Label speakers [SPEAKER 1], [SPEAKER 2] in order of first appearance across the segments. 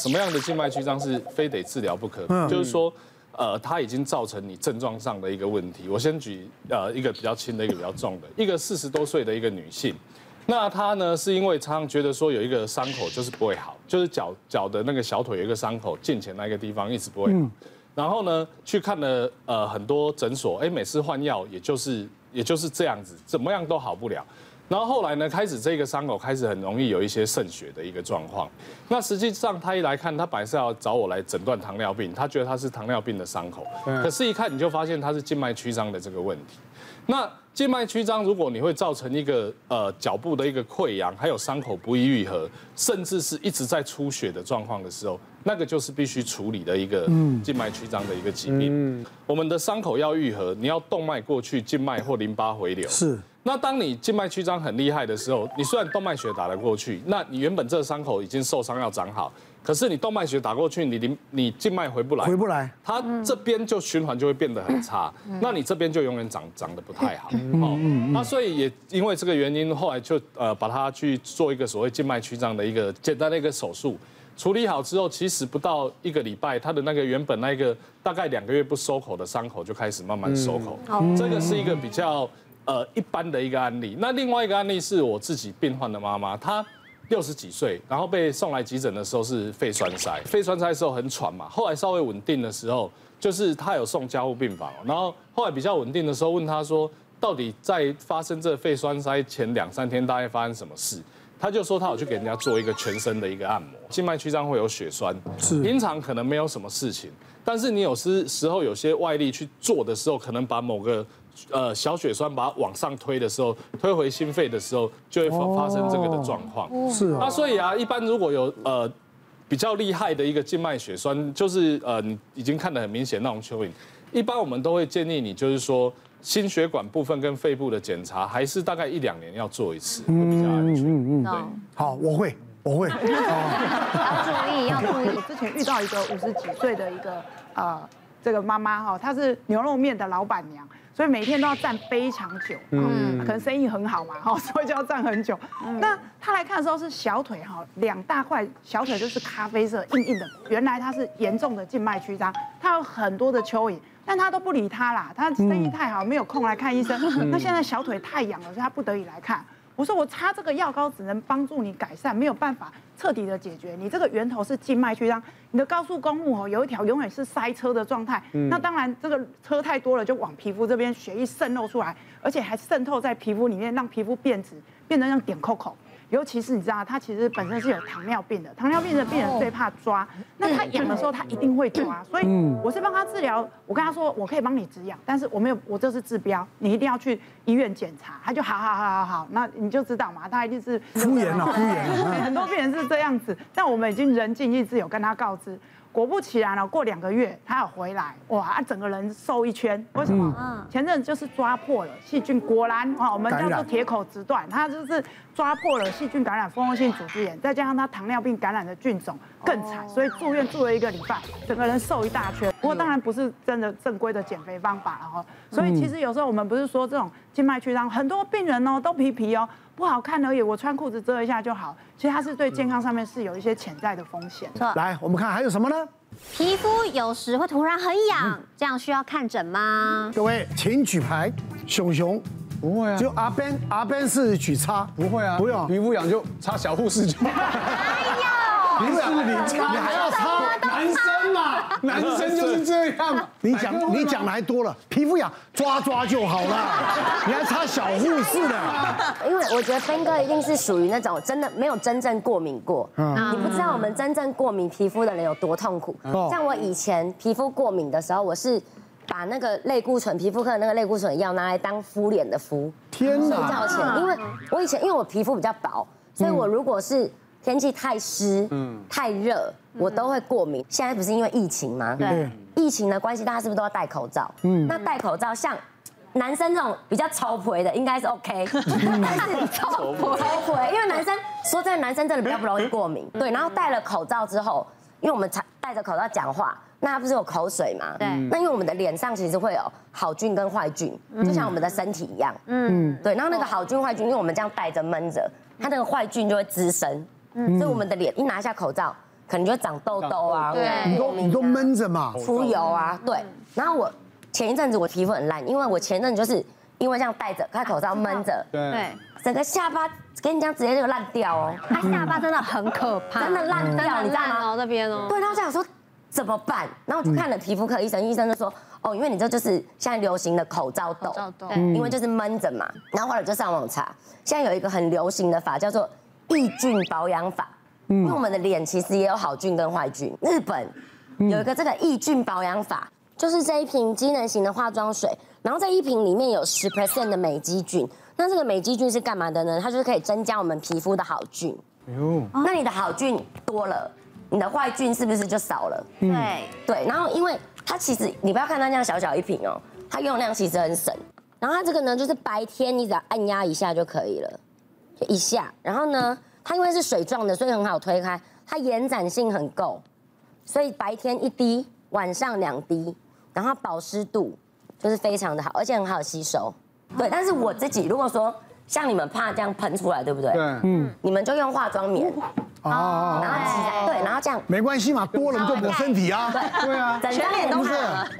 [SPEAKER 1] 什麼樣的靜脈曲張是非得治療不可？嗯、就是說，呃，它已經造成你症狀上的一個問題。我先舉呃一個比較輕的一個比較重的，一個四十多歲的一個女性，那她呢是因為常常覺得說有一個傷口就是不會好，就是腳腳的那個小腿有一個傷口，進前那個地方一直不會好。嗯、然後呢，去看了呃很多診所，哎、欸，每次換藥也就是也就是這樣子，怎麼樣都好不了。然後後來呢，開始這個傷口開始很容易有一些滲血的一個狀況。那實際上他一來看，他本來是要找我來診斷糖尿病，他覺得他是糖尿病的傷口。嗯。可是，一看你就發現他是靜脈曲張的這個問題。那靜脈曲張，如果你會造成一個呃腳部的一個潰瘍，還有傷口不易癒合，甚至是一直在出血的狀況的時候，那個就是必須處理的一個靜脈曲張的一個疾病。嗯。嗯。我們的傷口要癒合，你要動脈過去，靜脈或淋巴回流。是。那當你靜脈曲張很厲害的時候，你雖然動脈血打得過去，那你原本這傷口已經受傷要長好，可是你動脈血打過去，你你你靜脈回不來，回不來，它這邊就循環就會變得很差，那你這邊就永遠長長得不太好。好，那所以也因為這個原因，後來就呃把它去做一個所謂靜脈曲張的一個簡單的一個手術，處理好之後，其實不到一個禮拜，它的那個原本那個大概兩個月不收口的傷口就開始慢慢收口。這個是一個比較。呃，一般的一個案例。那另外一個案例是我自己病患的媽媽，她六十幾歲，然後被送來急診的時候是肺栓塞。肺栓塞的時候很喘嘛，後來稍微穩定的時候，就是她有送加護病房。然後後來比較穩定的時候，問她說，到底在發生這肺栓塞前兩三天大概發生什麼事？她就說她有去給人家做一個全身的一個按摩，靜脈曲張會有血栓，是平常可能沒有什麼事情，但是你有時時候有些外力去做的時候，可能把某個。呃，小血栓把它往上推的時候，推回心肺的時候，就會發發生這個的狀況，哦。是啊，哦。那所以啊，一般如果有呃比較厲害的一個靜脈血栓，就是呃你已經看得很明顯那種蚯蚓，一般我們都會建議你，就是說心血管部分跟肺部的檢查，還是大概一兩年要做一次，會比較安全。嗯嗯，嗯嗯對。No. 好，我會，我會。 oh. 要注意，要注意。我之前遇到一個
[SPEAKER 2] 五十幾歲的一個呃這個媽媽哈，她是牛肉麵的老闆娘。所以每天都要站非常久，嗯，可能生意很好嘛，哈，所以就要站很久。嗯、那他來看的時候是小腿哈，兩大塊小腿就是咖啡色，硬硬的。原來他是嚴重的靜脈曲張，他有很多的蚯蚓，但他都不理他啦，他生意太好，嗯、沒有空來看醫生。嗯、那現在小腿太癢了，所以他不得已來看。我說，我擦這個藥膏只能幫助你改善，沒有辦法徹底的解決。你這個源頭是靜脈曲張，你的高速公路哦，有一條永遠是塞車的狀態。嗯、那當然，這個車太多了，就往皮膚這邊血液滲漏出來，而且還滲透在皮膚裡面，讓皮膚變紫，變得像點扣扣。尤其是你知道，他其實本身是有糖尿病的，糖尿病的病人最怕抓，那他癢的時候他一定會抓，所以我是幫他治療，我跟他說我可以幫你止癢，但是我沒有，我這是治標，你一定要去醫院檢查。他就好好好好好，那你就知道嘛，他一定是敷衍了，敷衍。很多病人是這樣子，但我們已經仁盡義至有跟他告知，果不其然了，過兩個月他要回來，哇，他整個人瘦一圈，為什麼？前陣子就是抓破了細菌，果然啊，我們叫做鐵口直斷，他就是。抓破了細菌感染蜂窩性組織炎，再加上他糖尿病感染的菌種更慘，所以住院住了一個禮拜，整個人瘦一大圈。不過當然不是真的正規的減肥方法了哈。所以其實有時候我們不是說這種靜脈曲張，很多病人哦都皮皮哦不好看而已，我穿褲子遮一下就好。其實它是對健康上面是有一些潛在的風險。來，錯
[SPEAKER 1] 我們看還有什麼呢？
[SPEAKER 3] 皮膚有時會突然很癢，這樣需要看診嗎？嗯、各位
[SPEAKER 1] 請舉牌，熊熊。不會啊，就阿 Ben，阿 Ben 是去擦，不會啊，不用皮膚癢就擦小護士就好了。哎呦，不是你擦，你還要擦？男生嘛，男生就是這樣。你講你講的還多了，皮
[SPEAKER 3] 膚癢抓抓就好了，你還擦小護士呢？因為我覺得 Ben 哥一定是屬於那種真的沒有真正過敏過，你不知道我們真正過敏皮膚的人有多痛苦。像我以前皮膚過敏的時候，我是。把那個類固醇皮膚科的那個類固醇藥拿來當敷臉的敷，天哪，啊、因為我以前因為我皮膚比較薄，所以我如果是天氣太濕，嗯，太熱，我都會過敏。現在不是因為疫情嗎？對，嗯、疫情的關係，大家是不是都要戴口罩？嗯，那戴口罩像男生這種比較超薄的，應該是 OK，嗯、但是超薄，超薄，超薄，因為男生說真的，男生真的比較不容易過敏。對，然後戴了口罩之後，因為我們戴着口罩講話。那不是有口水嘛？對。那因為我們的臉上其實會有好菌跟壞菌，就像我們的身體一樣。嗯。對，然後那個好菌壞菌，因為我們這樣戴着悶着，它那個壞菌就會滋生。嗯。所以我們的臉一拿下口罩，可能就會長痘痘啊。對。你都你都
[SPEAKER 1] 悶着嘛，出油啊。
[SPEAKER 3] 對。然後我前一陣子我皮膚很爛，因為我前一陣就是因為這樣戴着它口罩悶着，對。整個下巴跟你講直接就爛掉哦，他下巴真的很可怕，真的爛掉爛哦你知道嗎？那邊哦。對，然後這樣說。怎麼辦？然後就看了皮膚科醫生，嗯、醫生就說，哦，因為你這就是現在流行的口罩痘，罩對因為就是悶着嘛。然後後來就上網查，現在有一個很流行的法叫做益菌保養法，嗯、因為我們的臉其實也有好菌跟壞菌。日本有一個這個益菌保養法，就是這一瓶機能型的化妝水，然後這一瓶裡面有十 percent 的美肌菌。那這個美肌菌是幹嘛的呢？它就是可以增加我們皮膚的好菌。哎、呦那你的好菌多了。你的壞菌是不是就少了？對對，然後因為它其實你不要看它這樣小小一瓶哦，它用量其實很省。然後它這個呢，就是白天你只要按壓一下就可以了，就一下。然後呢，它因為是水狀的，所以很好推開，它延展性很夠，所以白天一滴，晚上兩滴，然後保濕度就是非常的好，而且很好吸收。對，但是我自己如果說像你們怕這樣噴出來，對不對？對，嗯，你們就用化妝棉。哦，對，然後這樣沒關係嘛，多了你就抹身體啊。對啊，整張臉都是。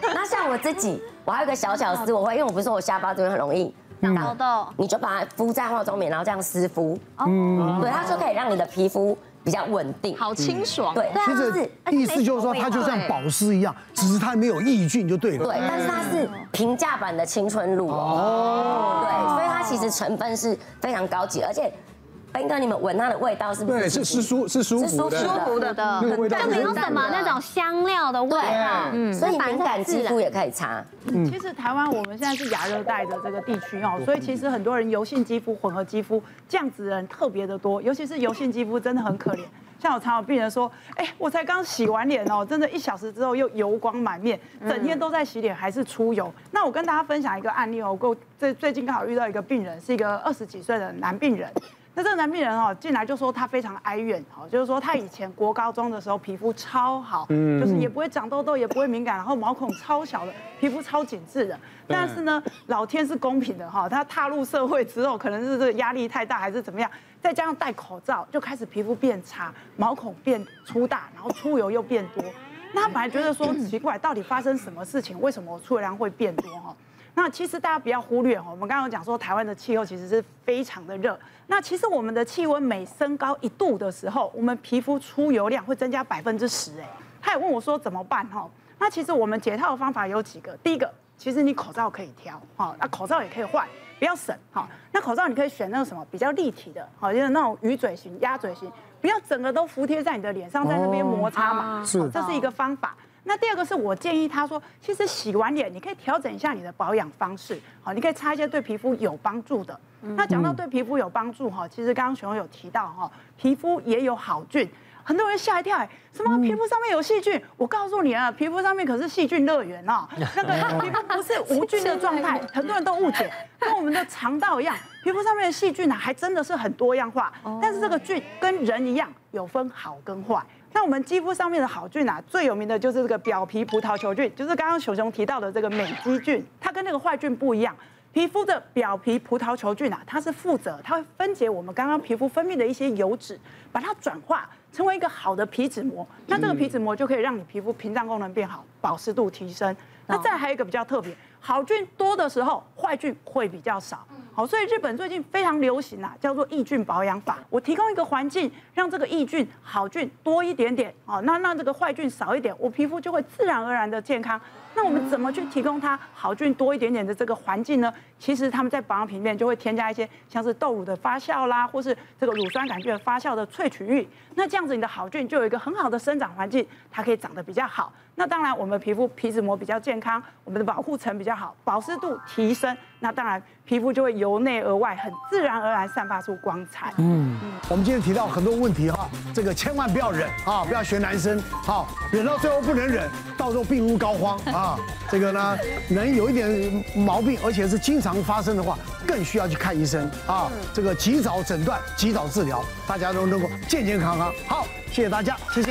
[SPEAKER 3] 那像我自己，我還有一個小小私，我會因為我不是說我下巴這邊很容易長痘痘，你就把它敷在化妝棉，然後這樣濕敷。嗯，對，它就可以讓你的皮膚比較穩定，好清爽。對，其實意思就是說它就像保濕一樣，只是它沒有抑菌就對了。對，但是它是平價版的青春露哦，對，所以它其實成分是非常高級，而且。斌哥，你們聞它的味道是不是？對，是是舒是舒服的，對是是舒，是舒服的是舒服的，味道就沒有什麼那種
[SPEAKER 1] 香料的味啊，嗯，所以敏感肌膚也可以擦。
[SPEAKER 3] 嗯，其
[SPEAKER 2] 實台灣我們現在是亞熱帶的這個地區哦，所以其實很多人油性肌膚、混合肌膚，這樣子的人特別的多，尤其是油性肌膚真的很可憐。像我常有病人說，哎、欸，我才剛洗完臉哦，真的，一小時之後又油光滿面，整天都在洗臉還是出油。那我跟大家分享一個案例哦，我最最近剛好遇到一個病人，是一個二十幾歲的男病人。這個男病人哦，進來就說他非常哀怨哦，就是說他以前國高中的時候皮膚超好，就是也不會長痘痘，也不會敏感，然後毛孔超小的，皮膚超緊緻的。但是呢，老天是公平的哈，他踏入社會之後，可能是這個壓力太大還是怎麼樣，再加上戴口罩，就開始皮膚變差，毛孔變粗大，然後出油又變多。那他本來覺得說奇怪，到底發生什麼事情？為什麼我出油量會變多哈？那其實大家不要忽略哦，我們剛剛有講說台灣的氣候其實是非常的熱。那其實我們的氣溫每升高一度的時候，我們皮膚出油量會增加百分之十。哎，他也問我說怎麼辦哈？那其實我們解套的方法有幾個。第一個，其實你口罩可以挑，哈，那口罩也可以換，不要省哈。那口罩你可以選那種什麼比較立體的，好，就是那種魚嘴型、鴨嘴型，不要整個都服帖在你的臉上，在那邊摩擦嘛，這是一個方法。那第二個是我建議他說，其實洗完臉，你可以調整一下你的保養方式，好，你可以擦一些對皮膚有幫助的。那講到對皮膚有幫助哈，其實剛剛熊有提到哈，皮膚也有好菌，很多人嚇一跳，哎，什麼皮膚上面有細菌？我告訴你啊，皮膚上面可是細菌樂園哦，那個皮膚不是無菌的狀態，很多人都誤解，跟我們的腸道一樣，皮膚上面的細菌呢，還真的是很多樣化，但是這個菌跟人一樣，有分好跟壞。那我們肌膚上面的好菌啊，最有名的就是這個表皮葡萄球菌，就是剛剛熊熊提到的這個美肌菌。它跟那個壞菌不一樣，皮膚的表皮葡萄球菌啊，它是負責，它會分解我們剛剛皮膚分泌的一些油脂，把它轉化成為一個好的皮脂膜。那這個皮脂膜就可以讓你皮膚屏障功能變好，保濕度提升。那再還有一個比較特別，好菌多的時候，壞菌會比較少。好，所以日本最近非常流行啊，叫做益菌保養法。我提供一個環境，讓這個益菌好菌多一點點，哦，那讓這個壞菌少一點，我皮膚就會自然而然的健康。那我們怎麼去提供它好菌多一點點的這個環境呢？其實他們在保養品裡面就會添加一些像是豆乳的發酵啦，或是這個乳酸桿菌發酵的萃取液。那這樣子，你的好菌就有一個很好的生長環境，它可以長得比較好。那當然，我們的皮膚皮脂膜比較健康，我們的保護層比較好，保濕度提升，那當然皮膚就會由內而外很自然而然散發出光
[SPEAKER 1] 彩。嗯，我們今天提到很多問題哈，這個千萬不要忍啊，不要學男生，好，忍到最後不能忍，到時候病入膏肓啊。這個呢，能有一點毛病，而且是經常發生的話，更需要去看醫生啊。這個及早診斷，及早治療，大家都能夠健健康康。好，謝謝大家，謝謝。